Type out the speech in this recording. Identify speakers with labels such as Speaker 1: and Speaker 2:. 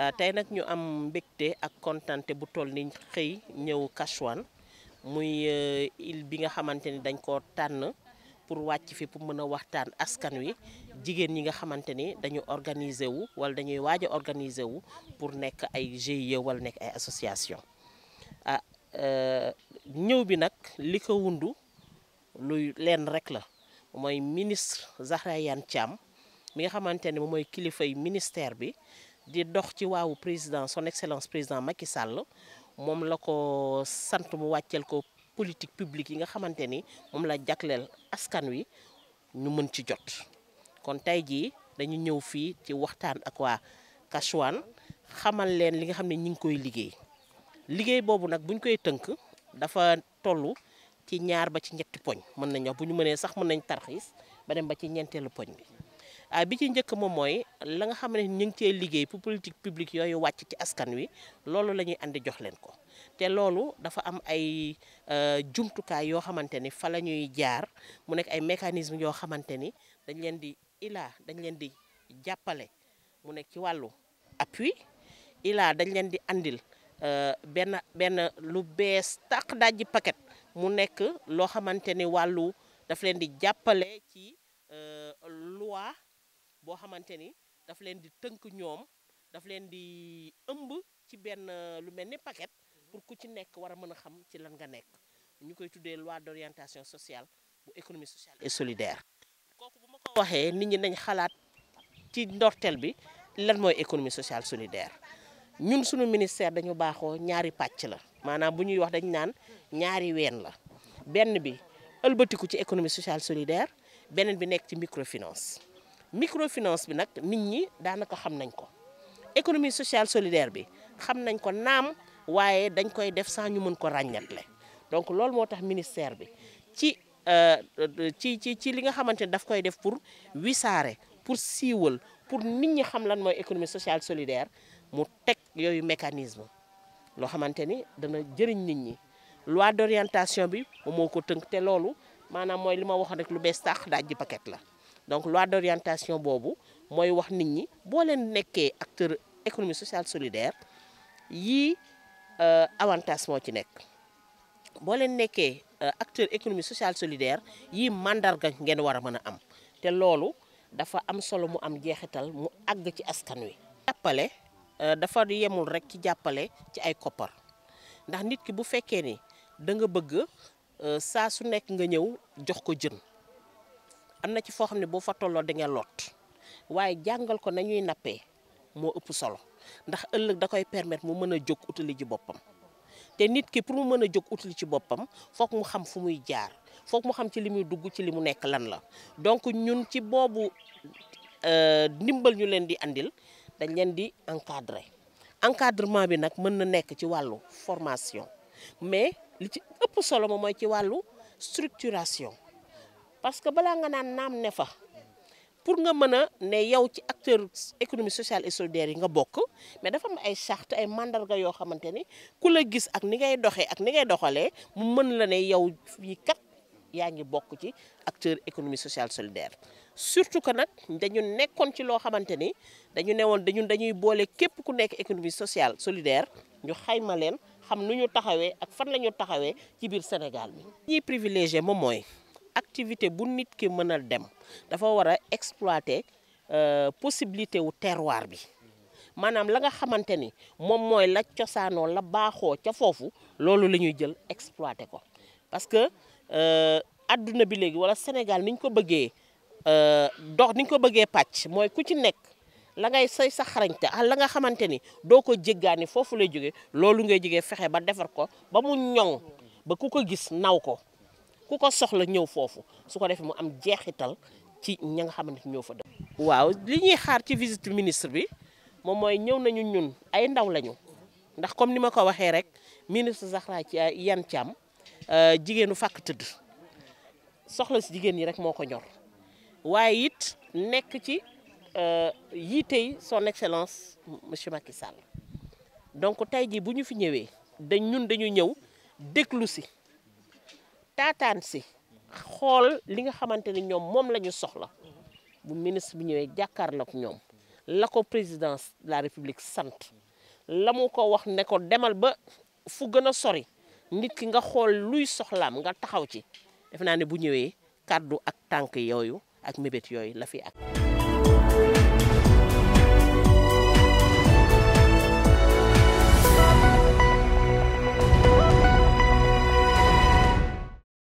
Speaker 1: Euh, tey nag ñu am mbégte ak kontante bu toll ni xëy ñëw Kachoane muy euh, île bi nga xamante ni dañ koo tànn pour wàcc fi pour mën a waxtaan askan wi jigéen ñi nga xamante ni dañu organiser wu wala dañuy waaj a organiser wu pour nekk ay GIE wala nekk ay association ah euh, ñëw bi nag li ko wundu luy leen rek la mooy ministre Zahra Iyane Thiam mi nga xamante ni moom mooy kilifay ministère bi di dox ci waawu président son excellence président Macky Sall mom la ko sante mu waccel ko politique publique yi nga xamanteni mom la jagleel askan wi ñu mën ci jot kon tay ji dañu ñëw fi ci waxtaan ak wa Kachouane xamal leen li nga xam ñing koy liggéey liggéey bobu nak buñ koy teunk dafa tollu ci ñaar ba ci ñetti poñ mën nañu buñu mëne sax mën nañ tarxiis ba dem ba ci ñentelu poñ bi Ah, bi ci njëkk moom mooy la nga xam ne ñu ngi cee liggéey pour politique publique yooyu wàcc ci askan wi loolu la ñuy andi jox leen ko te loolu dafa am ay euh, jumtukaay yoo xamante ni fa la ñuy jaar mu nekk ay mécanisme yoo xamante ni dañ leen di ilaa dañ leen di jàppale mu nekk ci wàllu appui ilaa dañ leen di andil euh, benn benn lu bees tàq dajji paquet mu nekk loo xamante ni wàllu daf leen di jàppale ci euh, loi Bohaman xamanteni daf leen di teunk ñoom daf leen di ëmb ci ben euh, lu melni paquet pour ku ci nekk wara mëna xam ci lan nga nekk ñu koy tuddee loi d'orientation sociale bu économie sociale et solidaire koku bu ma ko waxee nit ñi nañ xalaat ci ndortel bi lan moy économie sociale solidaire ñun suñu ministère dañu baxo ñaari patch la manam bu wax dañ naan ñaari la ben bi ëlbeutiku ci économie sociale solidaire benen bi nekk ci microfinance microfinance bi nag nit ñi daanaka xam nañ ko économie sociale solidaire bi xam nañ ko naam waaye dañ koy def sans ñu mën ko ràññatle donc loolu moo tax ministère bi ci euh, ci ci ci li nga xamante daf koy def pour pur pour siiwal pour nit ñi xam lan mooy économie sociale solidaire mu teg yooyu mécanisme loo xamante ni dana jëriñ nit ñi loi d'orientation bi moom moo ko te loolu maanaam mooy li ma rek lu bees tax la donc loi d'orientation bobu moy wax nit ñi bo leen nekké acteur économie sociale solidaire yii euh, avantage mo ci nekk bo leen nekké euh, acteur économie sociale solidaire yii mandarga ngeen wara mëna am té loolu dafa am solo mu am jeexital mu ag ci askan wi. jappalé euh, dafa yemul rek ci jappalé ci ay copar ndax nit ki bu fekkee ni da nga bëgg sa su nekk nga ñëw jox ko am na ci foo xam ne boo fa tolloo da ngeen lot waaye jàngal ko nañuy nappee moo ëpp solo ndax ëllëg da koy permettre mu mën a jóg utali ci boppam te nit ki pour mu mën a jóg utali ci boppam foog mu xam fu muy jaar foog mu xam ci li muy dugg ci li mu nekk lan la donc ñun ci boobu euh, ndimbal ñu leen di andil dañ leen di encadrer encadrement bi nag mën na nekk ci wàllu formation mais li ci ëpp solo moom mooy ci wàllu structuration parce que balaa nga naan naam ne fa pour nga mën a ne yow ci acteur économie sociale et solidaire yi nga bokk mais dafa am ay chart ay mandarga yoo xamante ni ku la gis ak ni ngay doxee ak ni ngay doxalee mu mën la ne yow yi kat yaa ngi bokk ci acteur économie sociale solidaire surtout que nag dañu nekkoon ci loo xamante ni dañu ne woon dañu dañuy boole képp ku nekk économie sociale solidaire ñu xayma leen xam nu ñu taxawee ak fan la ñu taxawee ci biir Sénégal bi. ñuy moom mooy. activité bu nit ki mën a dem dafa war a exploiter euh, possibilité wu terroir bi maanaam la nga xamante ni moom mooy la cosaanoo la baaxoo ca foofu loolu la ñuy jël exploiter ko parce que euh, adduna bi léegi wala Sénégal ni ko bëggee euh, dox ni ko bëggee pàcc mooy ku ci nekk la ngay say sa xarañte ah la nga xamante ni doo ko jéggaani foofu lay jóge loolu ngay jógee fexe ba defar ko ba mu ñoŋ ba ku ko gis naw ko ku ko soxla ñëw foofu su ko defee mu am jeexital ci ña nga xamante ñoo fa def waaw li ñuy xaar ci visite ministre bi moom mooy ñëw nañu ñun ay ndaw lañu ndax comme ni ma ko waxee rek ministre ci Iyane Thiam euh, jigéenu fàkk tëdd soxla si jigéen ñi rek moo ko ñor waaye it nekk ci euh, yiitey son excellence monsieur Macky Sall donc tey ji bu ñu fi ñëwee dañ ñun dañu ñëw déglu si taataan si xool li nga xamante ni ñoom moom la ñu soxla bu ministre bi ñëwee jàkkaarloog ñoom la ko président la république sant la mu ko wax ne ko demal ba fu gën a sori nit ki nga xool luy soxlaam nga taxaw ci def naa ne bu ñëwee kàddu ak tànk yooyu ak mébét yooyu la fi ak